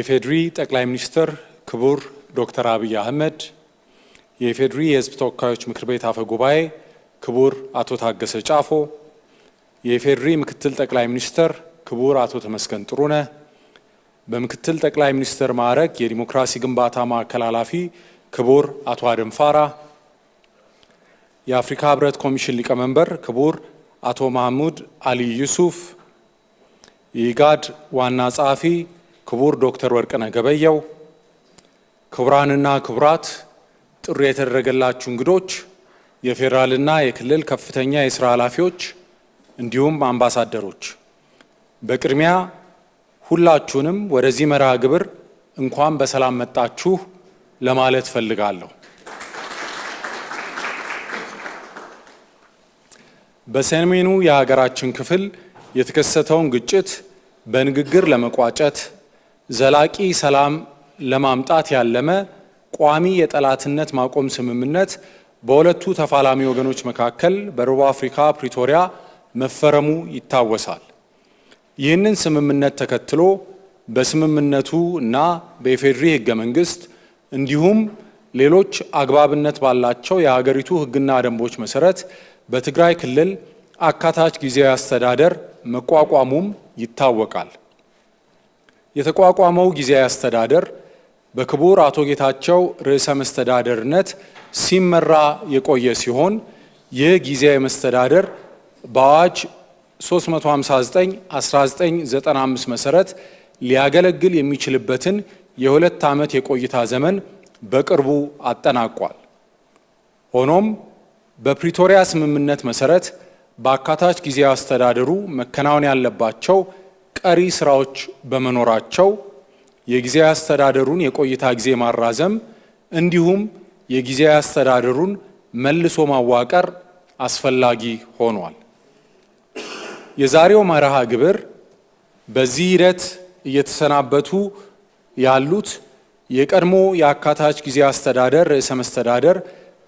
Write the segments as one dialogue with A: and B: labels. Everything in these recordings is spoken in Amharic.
A: የኢፌዴሪ ጠቅላይ ሚኒስትር ክቡር ዶክተር አብይ አህመድ፣ የኢፌዴሪ የህዝብ ተወካዮች ምክር ቤት አፈ ጉባኤ ክቡር አቶ ታገሰ ጫፎ፣ የኢፌዴሪ ምክትል ጠቅላይ ሚኒስትር ክቡር አቶ ተመስገን ጥሩነ፣ በምክትል ጠቅላይ ሚኒስትር ማዕረግ የዲሞክራሲ ግንባታ ማዕከል ኃላፊ ክቡር አቶ አደም ፋራ፣ የአፍሪካ ህብረት ኮሚሽን ሊቀመንበር ክቡር አቶ ማህሙድ አሊ ዩሱፍ፣ የኢጋድ ዋና ጸሐፊ ክቡር ዶክተር ወርቅነህ ገበየው፣ ክቡራንና ክቡራት፣ ጥሪ የተደረገላችሁ እንግዶች፣ የፌዴራልና የክልል ከፍተኛ የስራ ኃላፊዎች እንዲሁም አምባሳደሮች፣ በቅድሚያ ሁላችሁንም ወደዚህ መርሃ ግብር እንኳን በሰላም መጣችሁ ለማለት ፈልጋለሁ። በሰሜኑ የሀገራችን ክፍል የተከሰተውን ግጭት በንግግር ለመቋጨት ዘላቂ ሰላም ለማምጣት ያለመ ቋሚ የጠላትነት ማቆም ስምምነት በሁለቱ ተፋላሚ ወገኖች መካከል በደቡብ አፍሪካ ፕሪቶሪያ መፈረሙ ይታወሳል። ይህንን ስምምነት ተከትሎ በስምምነቱ እና በኢፌዴሪ ህገ መንግስት እንዲሁም ሌሎች አግባብነት ባላቸው የሀገሪቱ ህግና ደንቦች መሰረት በትግራይ ክልል አካታች ጊዜያዊ አስተዳደር መቋቋሙም ይታወቃል። የተቋቋመው ጊዜያዊ አስተዳደር በክቡር አቶ ጌታቸው ርዕሰ መስተዳደርነት ሲመራ የቆየ ሲሆን ይህ ጊዜያዊ መስተዳደር በአዋጅ 359/1995 መሰረት ሊያገለግል የሚችልበትን የሁለት ዓመት የቆይታ ዘመን በቅርቡ አጠናቋል። ሆኖም በፕሪቶሪያ ስምምነት መሰረት በአካታች ጊዜያዊ አስተዳደሩ መከናወን ያለባቸው ቀሪ ስራዎች በመኖራቸው የጊዜ አስተዳደሩን የቆይታ ጊዜ ማራዘም እንዲሁም የጊዜ አስተዳደሩን መልሶ ማዋቀር አስፈላጊ ሆኗል። የዛሬው መርሃ ግብር በዚህ ሂደት እየተሰናበቱ ያሉት የቀድሞ የአካታች ጊዜ አስተዳደር ርዕሰ መስተዳደር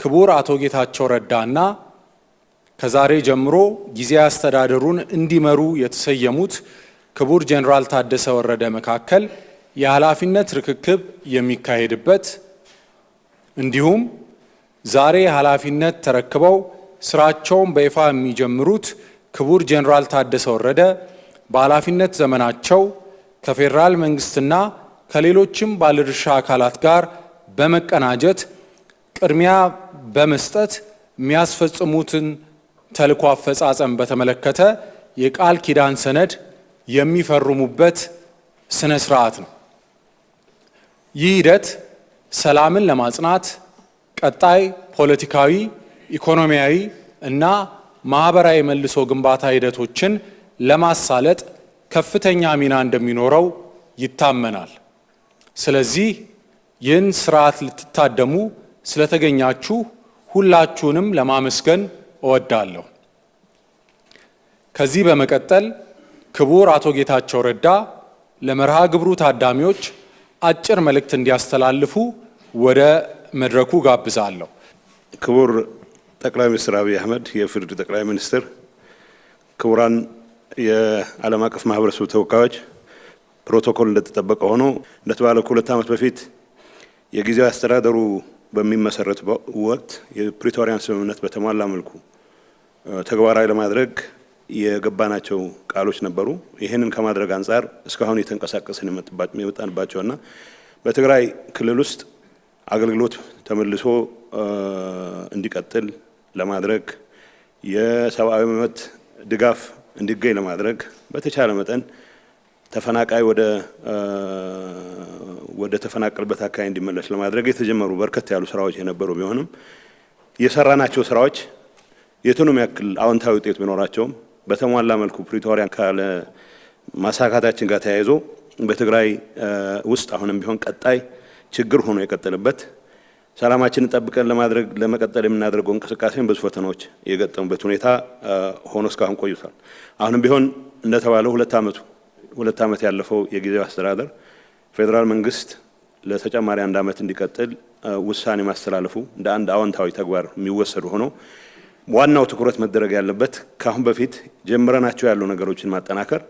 A: ክቡር አቶ ጌታቸው ረዳና ከዛሬ ጀምሮ ጊዜ አስተዳደሩን እንዲመሩ የተሰየሙት ክቡር ጄኔራል ታደሰ ወረደ መካከል የኃላፊነት ርክክብ የሚካሄድበት እንዲሁም ዛሬ ኃላፊነት ተረክበው ስራቸውን በይፋ የሚጀምሩት ክቡር ጄኔራል ታደሰ ወረደ በኃላፊነት ዘመናቸው ከፌዴራል መንግስትና ከሌሎችም ባለድርሻ አካላት ጋር በመቀናጀት ቅድሚያ በመስጠት የሚያስፈጽሙትን ተልኮ አፈጻጸም በተመለከተ የቃል ኪዳን ሰነድ የሚፈርሙበት ስነ ስርዓት ነው። ይህ ሂደት ሰላምን ለማጽናት ቀጣይ ፖለቲካዊ፣ ኢኮኖሚያዊ እና ማህበራዊ መልሶ ግንባታ ሂደቶችን ለማሳለጥ ከፍተኛ ሚና እንደሚኖረው ይታመናል። ስለዚህ ይህን ስርዓት ልትታደሙ ስለተገኛችሁ ሁላችሁንም ለማመስገን እወዳለሁ። ከዚህ በመቀጠል ክቡር አቶ ጌታቸው ረዳ ለመርሃ ግብሩ ታዳሚዎች አጭር መልእክት እንዲያስተላልፉ ወደ መድረኩ ጋብዛለሁ።
B: ክቡር ጠቅላይ ሚኒስትር አብይ አህመድ፣ የፍርድ ጠቅላይ ሚኒስትር፣ ክቡራን የዓለም አቀፍ ማህበረሰቡ ተወካዮች፣ ፕሮቶኮል እንደተጠበቀ ሆኖ እንደተባለው ከሁለት ዓመት በፊት የጊዜያዊ አስተዳደሩ በሚመሰረት ወቅት የፕሪቶሪያን ስምምነት በተሟላ መልኩ ተግባራዊ ለማድረግ የገባናቸው ቃሎች ነበሩ። ይህንን ከማድረግ አንጻር እስካሁን የተንቀሳቀስን የመጣንባቸውና በትግራይ ክልል ውስጥ አገልግሎት ተመልሶ እንዲቀጥል ለማድረግ የሰብአዊ መብት ድጋፍ እንዲገኝ ለማድረግ በተቻለ መጠን ተፈናቃይ ወደ ወደ ተፈናቀልበት አካባቢ እንዲመለስ ለማድረግ የተጀመሩ በርከት ያሉ ስራዎች የነበሩ ቢሆንም የሰራናቸው ስራዎች የቱንም ያክል አዎንታዊ ውጤት ቢኖራቸውም በተሟላ መልኩ ፕሪቶሪያን ካለ ማሳካታችን ጋር ተያይዞ በትግራይ ውስጥ አሁንም ቢሆን ቀጣይ ችግር ሆኖ የቀጠለበት ሰላማችንን ጠብቀን ለማድረግ ለመቀጠል የምናደርገው እንቅስቃሴን ብዙ ፈተናዎች የገጠሙበት ሁኔታ ሆኖ እስካሁን ቆይቷል። አሁንም ቢሆን እንደተባለው ሁለት ዓመቱ ሁለት ዓመት ያለፈው የጊዜው አስተዳደር ፌዴራል መንግስት ለተጨማሪ አንድ ዓመት እንዲቀጥል ውሳኔ ማስተላለፉ እንደ አንድ አዎንታዊ ተግባር የሚወሰዱ ሆኖ ዋናው ትኩረት መደረግ ያለበት ከአሁን በፊት ጀምረናቸው ያሉ ነገሮችን ማጠናከር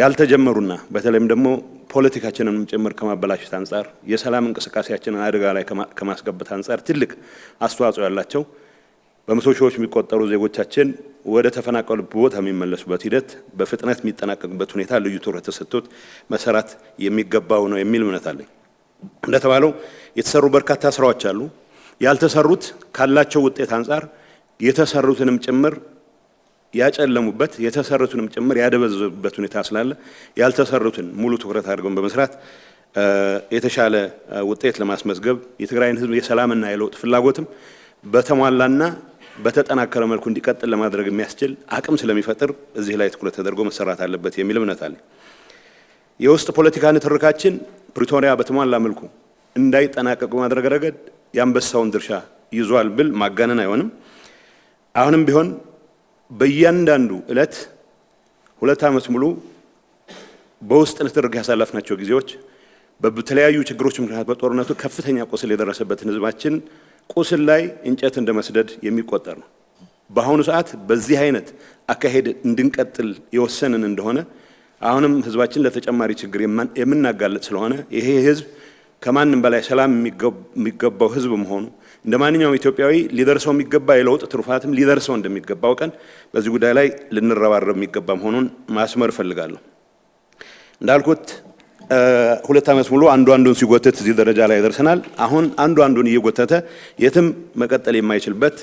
B: ያልተጀመሩና በተለይም ደግሞ ፖለቲካችንን ጭምር ከማበላሸት አንጻር የሰላም እንቅስቃሴያችንን አደጋ ላይ ከማስገባት አንጻር ትልቅ አስተዋጽኦ ያላቸው በመቶ ሺዎች የሚቆጠሩ ዜጎቻችን ወደ ተፈናቀሉበት ቦታ የሚመለሱበት ሂደት በፍጥነት የሚጠናቀቅበት ሁኔታ ልዩ ትኩረት ተሰጥቶት መሰራት የሚገባው ነው የሚል እምነት አለኝ። እንደተባለው የተሰሩ በርካታ ስራዎች አሉ። ያልተሰሩት ካላቸው ውጤት አንጻር የተሰሩትንም ጭምር ያጨለሙበት የተሰሩትንም ጭምር ያደበዘዙበት ሁኔታ ስላለ ያልተሰሩትን ሙሉ ትኩረት አድርገን በመስራት የተሻለ ውጤት ለማስመዝገብ የትግራይን ህዝብ የሰላምና የለውጥ ፍላጎትም በተሟላና በተጠናከረ መልኩ እንዲቀጥል ለማድረግ የሚያስችል አቅም ስለሚፈጥር እዚህ ላይ ትኩረት ተደርጎ መሰራት አለበት የሚል እምነት አለ። የውስጥ ፖለቲካ ንትርካችን ፕሪቶሪያ በተሟላ መልኩ እንዳይጠናቀቁ ማድረግ ረገድ የአንበሳውን ድርሻ ይዟል ብል ማጋነን አይሆንም። አሁንም ቢሆን በእያንዳንዱ እለት ሁለት ዓመት ሙሉ በውስጥ ንትርክ ያሳለፍናቸው ጊዜዎች በተለያዩ ችግሮች ምክንያት በጦርነቱ ከፍተኛ ቁስል የደረሰበትን ህዝባችን ቁስል ላይ እንጨት እንደ መስደድ የሚቆጠር ነው። በአሁኑ ሰዓት በዚህ አይነት አካሄድ እንድንቀጥል የወሰንን እንደሆነ አሁንም ህዝባችን ለተጨማሪ ችግር የምናጋለጥ ስለሆነ ይሄ ህዝብ ከማንም በላይ ሰላም የሚገባው ህዝብ መሆኑ እንደ ማንኛውም ኢትዮጵያዊ ሊደርሰው የሚገባ የለውጥ ትሩፋትም ሊደርሰው እንደሚገባው ቀን በዚህ ጉዳይ ላይ ልንረባረብ የሚገባ መሆኑን ማስመር እፈልጋለሁ። እንዳልኩት ሁለት ዓመት ሙሉ አንዱ አንዱን ሲጎተት እዚህ ደረጃ ላይ ደርሰናል። አሁን አንዱ አንዱን እየጎተተ የትም መቀጠል የማይችልበት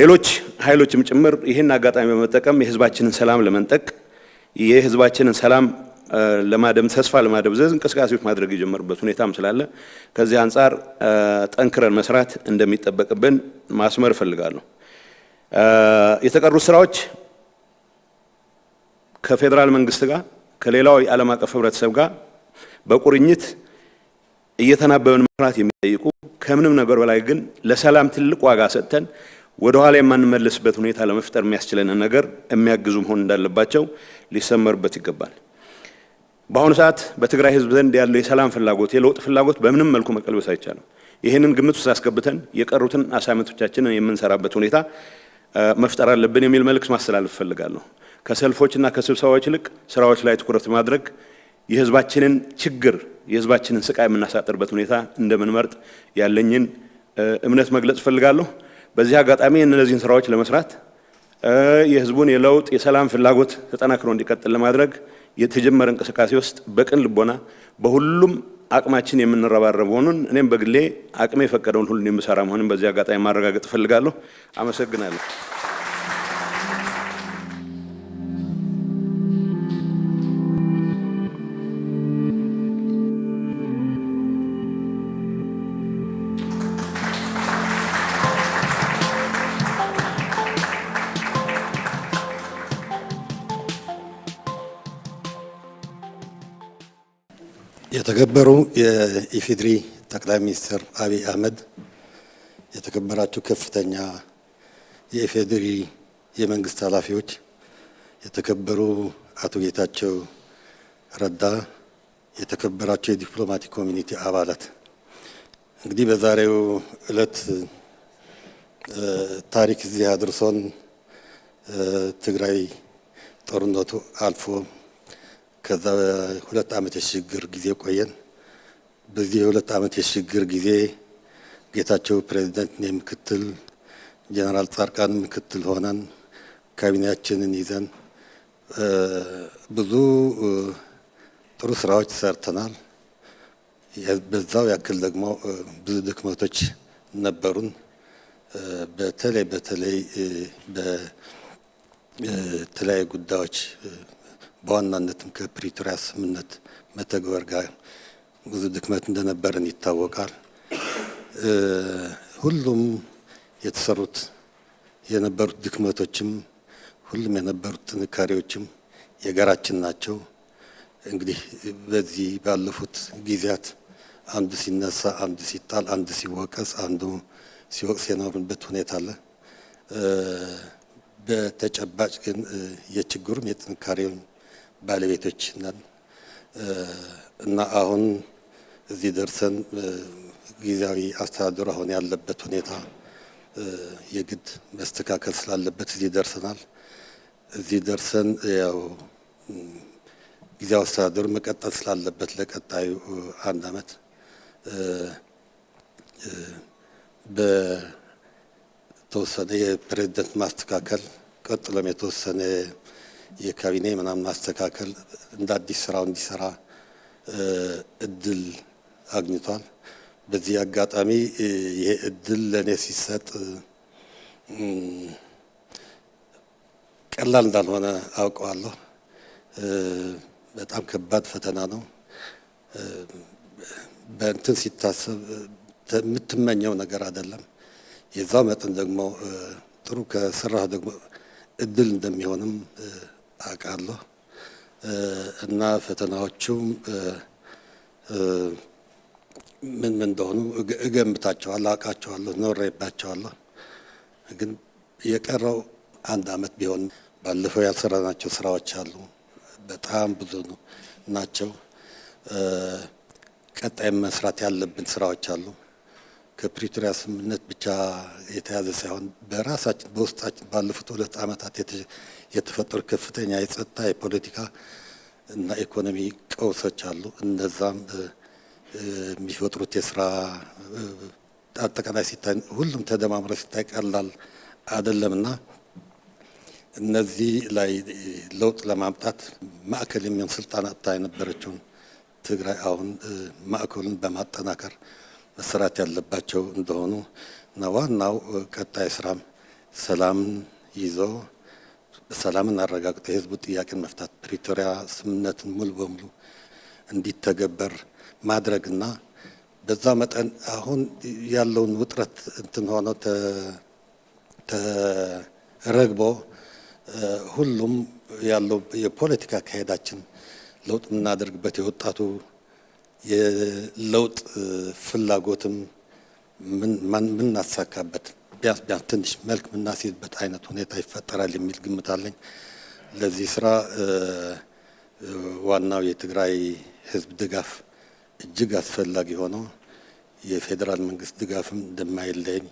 B: ሌሎች ኃይሎችም ጭምር ይህን አጋጣሚ በመጠቀም የህዝባችንን ሰላም ለመንጠቅ የህዝባችንን ሰላም ለማደም ተስፋ ለማደብዘዝ እንቅስቃሴዎች ማድረግ የጀመሩበት ሁኔታም ስላለ ከዚህ አንጻር ጠንክረን መስራት እንደሚጠበቅብን ማስመር እፈልጋለሁ። የተቀሩት ስራዎች ከፌዴራል መንግስት ጋር ከሌላው የዓለም አቀፍ ህብረተሰብ ጋር በቁርኝት እየተናበበን መስራት የሚጠይቁ ከምንም ነገር በላይ ግን ለሰላም ትልቅ ዋጋ ሰጥተን ወደኋላ የማንመለስበት ሁኔታ ለመፍጠር የሚያስችለንን ነገር የሚያግዙ መሆን እንዳለባቸው ሊሰመርበት ይገባል። በአሁኑ ሰዓት በትግራይ ህዝብ ዘንድ ያለው የሰላም ፍላጎት የለውጥ ፍላጎት በምንም መልኩ መቀልበስ አይቻልም። ይህንን ግምት ውስጥ አስገብተን የቀሩትን አሳይመንቶቻችንን የምንሰራበት ሁኔታ መፍጠር አለብን የሚል መልእክት ማስተላለፍ እፈልጋለሁ። ከሰልፎችና ከስብሰባዎች ይልቅ ስራዎች ላይ ትኩረት ማድረግ የህዝባችንን ችግር የህዝባችንን ስቃይ የምናሳጥርበት ሁኔታ እንደምንመርጥ ያለኝን እምነት መግለጽ እፈልጋለሁ። በዚህ አጋጣሚ እነዚህን ስራዎች ለመስራት የህዝቡን የለውጥ የሰላም ፍላጎት ተጠናክሮ እንዲቀጥል ለማድረግ የተጀመረ እንቅስቃሴ ውስጥ በቅን ልቦና በሁሉም አቅማችን የምንረባረብ መሆኑን እኔም በግሌ አቅሜ የፈቀደውን ሁሉን የምሰራ መሆኑን በዚህ አጋጣሚ ማረጋገጥ እፈልጋለሁ። አመሰግናለሁ።
C: የተከበሩ የኢፌድሪ ጠቅላይ ሚኒስትር አብይ አህመድ፣ የተከበራችሁ ከፍተኛ የኢፌድሪ የመንግስት ኃላፊዎች፣ የተከበሩ አቶ ጌታቸው ረዳ፣ የተከበራቸው የዲፕሎማቲክ ኮሚኒቲ አባላት፣ እንግዲህ በዛሬው እለት ታሪክ እዚህ አድርሶን ትግራይ ጦርነቱ አልፎ ከዛ ሁለት ዓመት የሽግግር ጊዜ ቆየን። በዚህ የሁለት ዓመት የሽግግር ጊዜ ጌታቸው ፕሬዚደንት፣ እኔ ምክትል፣ ጀነራል ጻድቃን ምክትል ሆነን ካቢኔያችንን ይዘን ብዙ ጥሩ ስራዎች ሰርተናል። በዛው ያክል ደግሞ ብዙ ድክመቶች ነበሩን። በተለይ በተለይ በተለያዩ ጉዳዮች በዋናነትም ከፕሪቶሪያ ስምምነት መተግበር ጋር ብዙ ድክመት እንደነበረን ይታወቃል። ሁሉም የተሰሩት የነበሩት ድክመቶችም ሁሉም የነበሩት ጥንካሬዎችም የጋራችን ናቸው። እንግዲህ በዚህ ባለፉት ጊዜያት አንዱ ሲነሳ፣ አንዱ ሲጣል፣ አንዱ ሲወቀስ፣ አንዱ ሲወቅስ የኖርንበት ሁኔታ አለ። በተጨባጭ ግን የችግሩም የጥንካሬውም ባለቤቶች ነን እና አሁን እዚህ ደርሰን ጊዜያዊ አስተዳደሩ አሁን ያለበት ሁኔታ የግድ መስተካከል ስላለበት እዚህ ደርሰናል። እዚህ ደርሰን ያው ጊዜያዊ አስተዳደሩ መቀጠል ስላለበት ለቀጣዩ አንድ ዓመት በተወሰነ የፕሬዚደንት ማስተካከል ቀጥሎም የተወሰነ የካቢኔ ምናምን ማስተካከል እንደ አዲስ ስራው እንዲሰራ እድል አግኝቷል። በዚህ አጋጣሚ ይሄ እድል ለእኔ ሲሰጥ ቀላል እንዳልሆነ አውቀዋለሁ። በጣም ከባድ ፈተና ነው። በእንትን ሲታሰብ የምትመኘው ነገር አይደለም። የዛው መጠን ደግሞ ጥሩ ከስራህ ደግሞ እድል እንደሚሆንም አውቃለሁ እና ፈተናዎቹም ምን ምን እንደሆኑ እገምታቸዋለሁ፣ አውቃቸዋለሁ፣ ኖሬባቸዋለሁ። ግን የቀረው አንድ አመት ቢሆን ባለፈው ያልሰራናቸው ስራዎች አሉ። በጣም ብዙ ናቸው። ቀጣይ መስራት ያለብን ስራዎች አሉ። ከፕሪቶሪያ ስምምነት ብቻ የተያዘ ሳይሆን በራሳችን በውስጣችን ባለፉት ሁለት አመታት የተፈጠሩ ከፍተኛ የጸጥታ የፖለቲካ እና ኢኮኖሚ ቀውሶች አሉ። እነዛም የሚፈጥሩት የስራ አጠቃላይ ሲታይ ሁሉም ተደማምረ ሲታይ ቀላል አይደለም እና እነዚህ ላይ ለውጥ ለማምጣት ማዕከል የሚሆን ስልጣን አጥታ የነበረችውን ትግራይ አሁን ማዕከሉን በማጠናከር መሰራት ያለባቸው እንደሆኑ እና ዋናው ቀጣይ ስራም ሰላምን ይዞ ሰላምን አረጋግጦ የህዝቡ ጥያቄን መፍታት ፕሪቶሪያ ስምምነትን ሙሉ በሙሉ እንዲተገበር ማድረግና በዛ መጠን አሁን ያለውን ውጥረት እንትን ሆኖ ተረግቦ ሁሉም ያለው የፖለቲካ አካሄዳችን ለውጥ የምናደርግበት የወጣቱ የለውጥ ፍላጎትም ምን ምናሳካበት ቢያንስ ቢያንስ ትንሽ መልክ የምናስይዝበት አይነት ሁኔታ ይፈጠራል የሚል ግምት አለኝ። ለዚህ ስራ ዋናው የትግራይ ህዝብ ድጋፍ እጅግ አስፈላጊ ሆኖ የፌዴራል መንግስት ድጋፍም እንደማይለኝ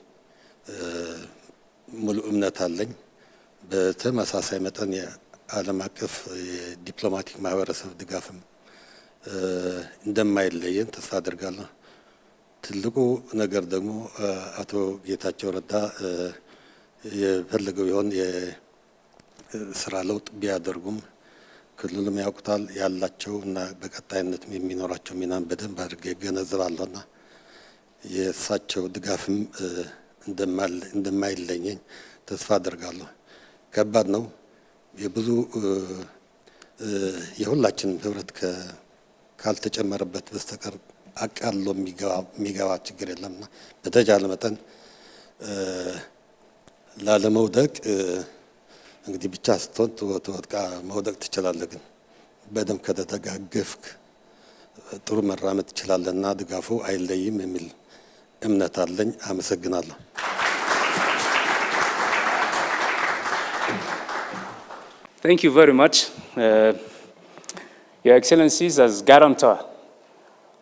C: ሙሉ እምነት አለኝ። በተመሳሳይ መጠን የዓለም አቀፍ የዲፕሎማቲክ ማህበረሰብ ድጋፍም እንደማይለየን ተስፋ አድርጋለሁ። ትልቁ ነገር ደግሞ አቶ ጌታቸው ረዳ የፈለገው ቢሆን የስራ ለውጥ ቢያደርጉም ክልሉም ያውቁታል ያላቸው እና በቀጣይነት የሚኖራቸው ሚናን በደንብ አድርጌ እገነዘባለሁ የእሳቸው ድጋፍም እንደማይለየኝ ተስፋ አደርጋለሁ። ከባድ ነው። የብዙ የሁላችንም ህብረት ካልተጨመረበት በስተቀር አቃሎ የሚገባ ችግር የለምና በተቻለ መጠን ላለመውደቅ እንግዲህ ብቻ ስትሆን ትወድቃ መውደቅ ትችላለህ። ግን በደንብ ከተደጋገፍክ ጥሩ መራመድ ትችላለህና ድጋፉ አይለይም የሚል እምነት አለኝ። አመሰግናለሁ።
D: Thank you very much. Uh, Your Excellencies, as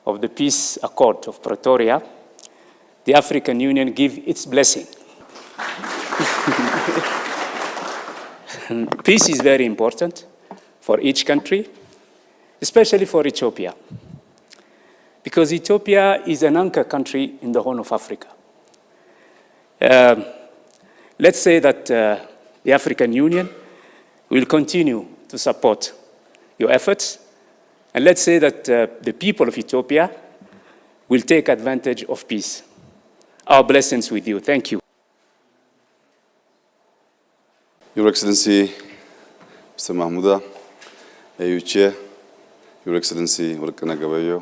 D: of the Peace Accord of Pretoria, the African Union give its blessing. Peace is very important for each country, especially for Ethiopia, because Ethiopia is an anchor country in the Horn of Africa. Um, let's say that uh, the African Union will continue to support your efforts and let's say that uh, the people of Ethiopia will take advantage of peace. Our blessings with you. Thank you.
E: Your Excellency, Mr. Mahmouda, AU Chair, Your Excellency ወርቅነህ ገበየሁ,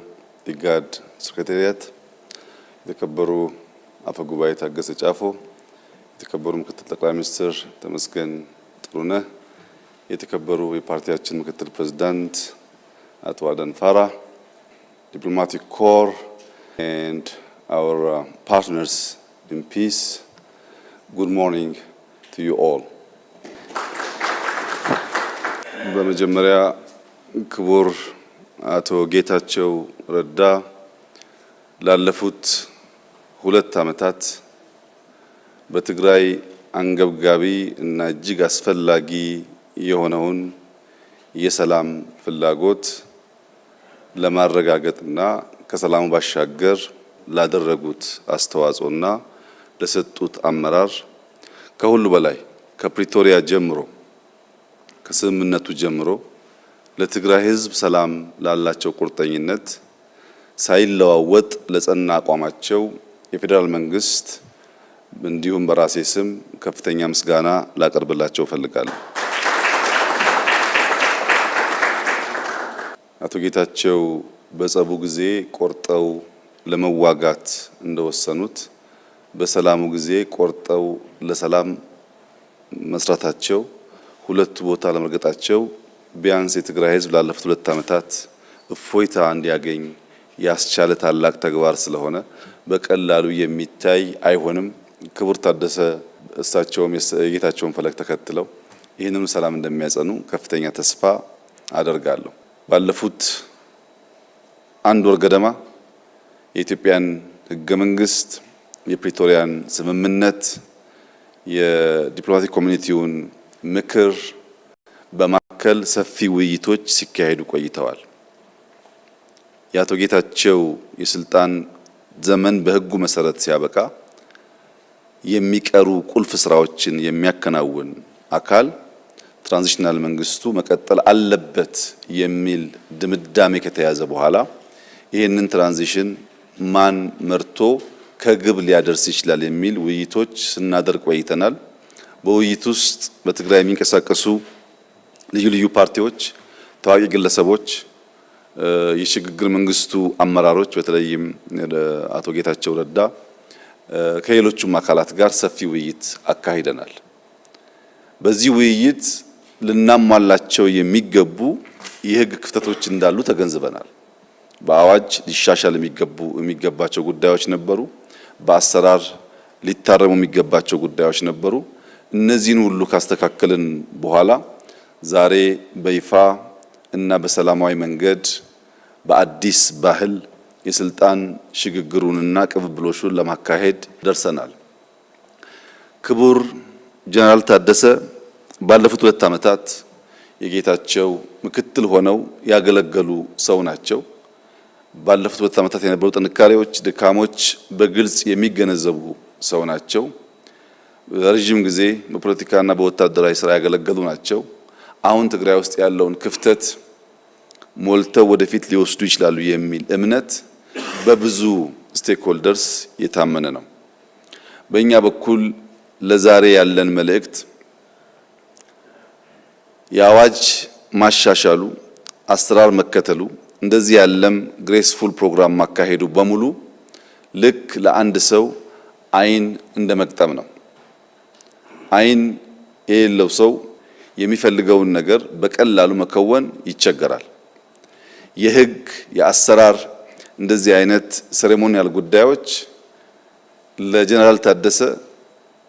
E: ኢጋድ Secretariat, የተከበሩ አፈ ጉባኤ ታገሰ ጫፎ፣ የተከበሩ ምክትል ጠቅላይ ሚኒስትር ተመስገን ጥሩነህ፣ party የፓርቲያችን ምክትል ፕሬዝዳንት አቶ አደንፋራ ዲፕሎማቲክ ኮር and our uh, partners in peace good morning to you all
A: በመጀመሪያ ክቡር አቶ ጌታቸው ረዳ ላለፉት ሁለት ዓመታት በትግራይ አንገብጋቢ እና እጅግ አስፈላጊ የሆነውን የሰላም ፍላጎት ለማረጋገጥና ከሰላሙ ባሻገር ላደረጉት አስተዋጽኦና ለሰጡት አመራር ከሁሉ በላይ ከፕሪቶሪያ ጀምሮ ከስምምነቱ ጀምሮ ለትግራይ ሕዝብ ሰላም ላላቸው ቁርጠኝነት ሳይለዋወጥ ለጸና አቋማቸው የፌዴራል መንግስት እንዲሁም በራሴ ስም ከፍተኛ ምስጋና ላቀርብላቸው እፈልጋለሁ። አቶ ጌታቸው በጸቡ ጊዜ ቆርጠው ለመዋጋት እንደወሰኑት በሰላሙ ጊዜ ቆርጠው ለሰላም መስራታቸው ሁለቱ ቦታ ለመርገጣቸው ቢያንስ የትግራይ ሕዝብ ላለፉት ሁለት ዓመታት እፎይታ እንዲያገኝ ያስቻለ ታላቅ ተግባር ስለሆነ በቀላሉ የሚታይ አይሆንም። ክቡር ታደሰ እሳቸውም የጌታቸውን ፈለግ ተከትለው ይህንም ሰላም እንደሚያጸኑ ከፍተኛ ተስፋ አደርጋለሁ። ባለፉት አንድ ወር ገደማ የኢትዮጵያን ሕገ መንግስት፣ የፕሪቶሪያን ስምምነት፣ የዲፕሎማቲክ ኮሚኒቲውን ምክር በማከል ሰፊ ውይይቶች ሲካሄዱ ቆይተዋል። የአቶ ጌታቸው የስልጣን ዘመን በህጉ መሰረት ሲያበቃ የሚቀሩ ቁልፍ ስራዎችን የሚያከናውን አካል ትራንዚሽናል መንግስቱ መቀጠል አለበት የሚል ድምዳሜ ከተያዘ በኋላ ይህንን ትራንዚሽን ማን መርቶ ከግብ ሊያደርስ ይችላል የሚል ውይይቶች ስናደርግ ቆይተናል። በውይይት ውስጥ በትግራይ የሚንቀሳቀሱ ልዩ ልዩ ፓርቲዎች፣ ታዋቂ ግለሰቦች፣ የሽግግር መንግስቱ አመራሮች በተለይም አቶ ጌታቸው ረዳ ከሌሎቹም አካላት ጋር ሰፊ ውይይት አካሂደናል። በዚህ ውይይት ልናሟላቸው የሚገቡ የህግ ክፍተቶች እንዳሉ ተገንዝበናል። በአዋጅ ሊሻሻል የሚገቡ የሚገባቸው ጉዳዮች ነበሩ። በአሰራር ሊታረሙ የሚገባቸው ጉዳዮች ነበሩ። እነዚህን ሁሉ ካስተካከልን በኋላ ዛሬ በይፋ እና በሰላማዊ መንገድ በአዲስ ባህል የስልጣን ሽግግሩንና ቅብብሎሹን ለማካሄድ ደርሰናል። ክቡር ጀነራል ታደሰ ባለፉት ሁለት ዓመታት የጌታቸው ምክትል ሆነው ያገለገሉ ሰው ናቸው። ባለፉት ሁለት ዓመታት የነበሩ ጥንካሬዎች፣ ድካሞች በግልጽ የሚገነዘቡ ሰው ናቸው። ረዥም ጊዜ በፖለቲካና በወታደራዊ ስራ ያገለገሉ ናቸው። አሁን ትግራይ ውስጥ ያለውን ክፍተት ሞልተው ወደፊት ሊወስዱ ይችላሉ የሚል እምነት በብዙ ስቴክሆልደርስ የታመነ ነው። በእኛ በኩል ለዛሬ ያለን መልእክት የአዋጅ ማሻሻሉ አሰራር መከተሉ እንደዚህ ያለም ግሬስፉል ፕሮግራም ማካሄዱ በሙሉ ልክ ለአንድ ሰው አይን እንደ መቅጠም ነው። አይን የሌለው ሰው የሚፈልገውን ነገር በቀላሉ መከወን ይቸገራል። የህግ የአሰራር እንደዚህ አይነት ሴሬሞኒያል ጉዳዮች ለጀነራል ታደሰ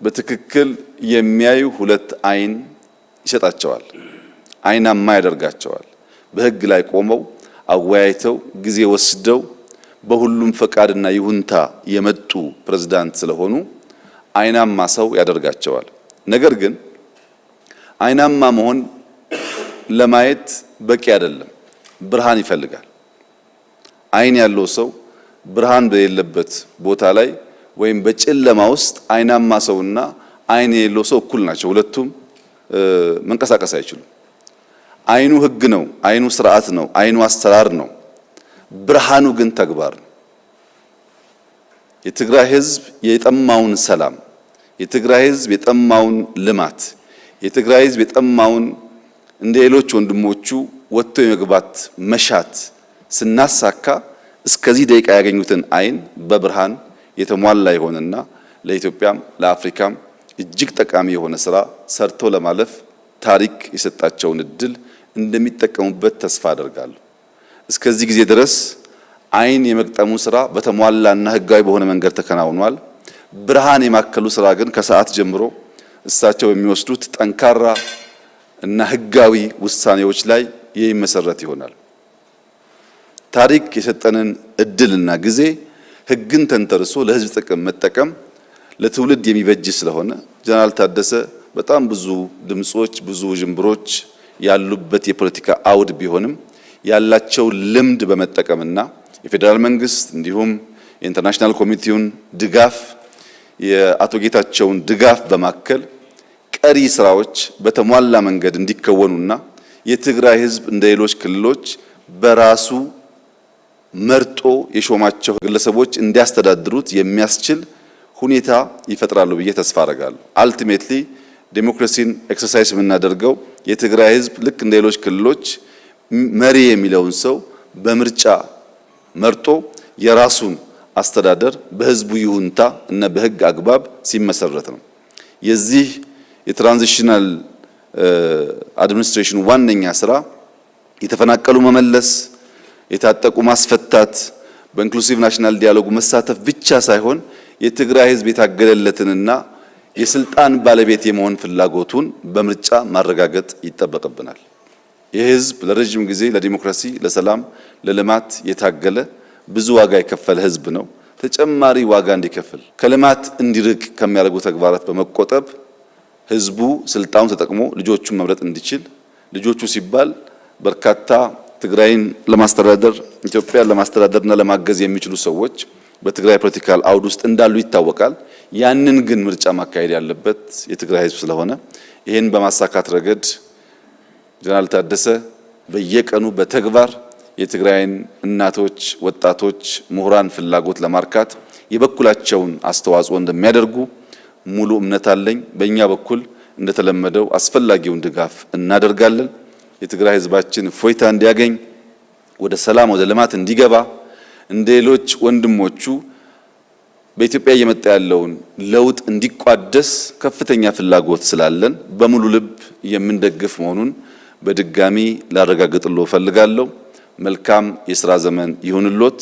A: በትክክል የሚያዩ ሁለት አይን ይሰጣቸዋል፣ አይናማ ያደርጋቸዋል። በሕግ ላይ ቆመው አወያይተው ጊዜ ወስደው በሁሉም ፈቃድና ይሁንታ የመጡ ፕሬዝዳንት ስለሆኑ አይናማ ሰው ያደርጋቸዋል። ነገር ግን አይናማ መሆን ለማየት በቂ አይደለም፣ ብርሃን ይፈልጋል። አይን ያለው ሰው ብርሃን በሌለበት ቦታ ላይ ወይም በጨለማ ውስጥ አይናማ ሰውና አይን የሌለው ሰው እኩል ናቸው። ሁለቱም መንቀሳቀስ አይችሉም። አይኑ ህግ ነው፣ አይኑ ስርዓት ነው፣ አይኑ አሰራር ነው። ብርሃኑ ግን ተግባር ነው። የትግራይ ህዝብ የጠማውን ሰላም፣ የትግራይ ህዝብ የጠማውን ልማት፣ የትግራይ ህዝብ የጠማውን እንደ ሌሎች ወንድሞቹ ወጥቶ የመግባት መሻት ስናሳካ እስከዚህ ደቂቃ ያገኙትን አይን በብርሃን የተሟላ የሆነና ለኢትዮጵያም ለአፍሪካም እጅግ ጠቃሚ የሆነ ስራ ሰርቶ ለማለፍ ታሪክ የሰጣቸውን እድል እንደሚጠቀሙበት ተስፋ አደርጋለሁ። እስከዚህ ጊዜ ድረስ አይን የመቅጠሙ ስራ በተሟላና ህጋዊ በሆነ መንገድ ተከናውኗል። ብርሃን የማከሉ ስራ ግን ከሰዓት ጀምሮ እሳቸው የሚወስዱት ጠንካራ እና ህጋዊ ውሳኔዎች ላይ የሚመሰረት ይሆናል። ታሪክ የሰጠንን እድልና ጊዜ ህግን ተንተርሶ ለህዝብ ጥቅም መጠቀም ለትውልድ የሚበጅ ስለሆነ ጀነራል ታደሰ በጣም ብዙ ድምጾች፣ ብዙ ዥንብሮች ያሉበት የፖለቲካ አውድ ቢሆንም ያላቸው ልምድ በመጠቀምና የፌዴራል መንግስት እንዲሁም የኢንተርናሽናል ኮሚቴውን ድጋፍ የአቶ ጌታቸውን ድጋፍ በማከል ቀሪ ስራዎች በተሟላ መንገድ እንዲከወኑና የትግራይ ህዝብ እንደ ሌሎች ክልሎች በራሱ መርጦ የሾማቸው ግለሰቦች እንዲያስተዳድሩት የሚያስችል ሁኔታ ይፈጥራሉ ብዬ ተስፋ አረጋለሁ። አልቲሜትሊ ዴሞክራሲን ኤክሰርሳይዝ የምናደርገው የትግራይ ህዝብ ልክ እንደ ሌሎች ክልሎች መሪ የሚለውን ሰው በምርጫ መርጦ የራሱን አስተዳደር በህዝቡ ይሁንታ እና በህግ አግባብ ሲመሰረት ነው። የዚህ የትራንዚሽናል አድሚኒስትሬሽን ዋነኛ ስራ የተፈናቀሉ መመለስ፣ የታጠቁ ማስፈታት፣ በኢንክሉሲቭ ናሽናል ዲያሎግ መሳተፍ ብቻ ሳይሆን የትግራይ ህዝብ የታገለለትንና የስልጣን ባለቤት የመሆን ፍላጎቱን በምርጫ ማረጋገጥ ይጠበቅብናል። ይህ ህዝብ ለረጅም ጊዜ ለዲሞክራሲ፣ ለሰላም፣ ለልማት የታገለ ብዙ ዋጋ የከፈለ ህዝብ ነው። ተጨማሪ ዋጋ እንዲከፍል ከልማት እንዲርቅ ከሚያደርጉ ተግባራት በመቆጠብ ህዝቡ ስልጣኑን ተጠቅሞ ልጆቹን መምረጥ እንዲችል ልጆቹ ሲባል በርካታ ትግራይን ለማስተዳደር ኢትዮጵያን ለማስተዳደርና ለማገዝ የሚችሉ ሰዎች በትግራይ ፖለቲካል አውድ ውስጥ እንዳሉ ይታወቃል። ያንን ግን ምርጫ ማካሄድ ያለበት የትግራይ ሕዝብ ስለሆነ ይህን በማሳካት ረገድ ጀነራል ታደሰ በየቀኑ በተግባር የትግራይን እናቶች፣ ወጣቶች፣ ምሁራን ፍላጎት ለማርካት የበኩላቸውን አስተዋጽኦ እንደሚያደርጉ ሙሉ እምነት አለኝ። በእኛ በኩል እንደተለመደው አስፈላጊውን ድጋፍ እናደርጋለን። የትግራይ ህዝባችን እፎይታ እንዲያገኝ፣ ወደ ሰላም ወደ ልማት እንዲገባ እንደ ሌሎች ወንድሞቹ በኢትዮጵያ እየመጣ ያለውን ለውጥ እንዲቋደስ ከፍተኛ ፍላጎት ስላለን በሙሉ ልብ የምንደግፍ መሆኑን በድጋሚ ላረጋግጥሎ እፈልጋለሁ። መልካም የስራ ዘመን ይሁንልዎት።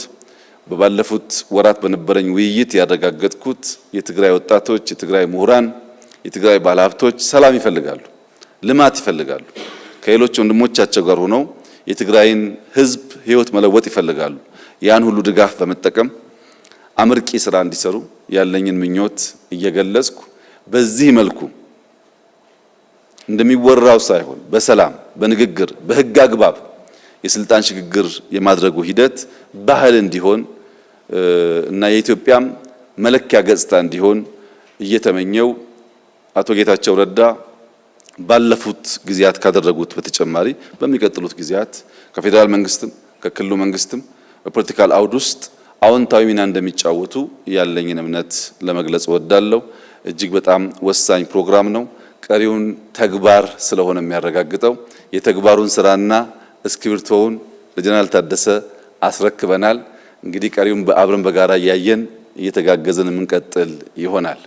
A: በባለፉት ወራት በነበረኝ ውይይት ያረጋገጥኩት የትግራይ ወጣቶች፣ የትግራይ ምሁራን፣ የትግራይ ባለሀብቶች ሰላም ይፈልጋሉ፣ ልማት ይፈልጋሉ። ከሌሎች ወንድሞቻቸው ጋር ሆነው የትግራይን ሕዝብ ሕይወት መለወጥ ይፈልጋሉ። ያን ሁሉ ድጋፍ በመጠቀም አመርቂ ስራ እንዲሰሩ ያለኝን ምኞት እየገለጽኩ በዚህ መልኩ እንደሚወራው ሳይሆን በሰላም በንግግር በህግ አግባብ የስልጣን ሽግግር የማድረጉ ሂደት ባህል እንዲሆን እና የኢትዮጵያም መለኪያ ገጽታ እንዲሆን እየተመኘው አቶ ጌታቸው ረዳ ባለፉት ጊዜያት ካደረጉት በተጨማሪ በሚቀጥሉት ጊዜያት ከፌዴራል መንግስትም ከክልሉ መንግስትም በፖለቲካል አውድ ውስጥ አዎንታዊ ሚና እንደሚጫወቱ ያለኝን እምነት ለመግለጽ እወዳለሁ። እጅግ በጣም ወሳኝ ፕሮግራም ነው። ቀሪውን ተግባር ስለሆነ የሚያረጋግጠው የተግባሩን ስራና እስክሪብቶውን ለጀነራል ታደሰ አስረክበናል። እንግዲህ ቀሪውን በአብረን በጋራ እያየን እየተጋገዘን የምንቀጥል ይሆናል።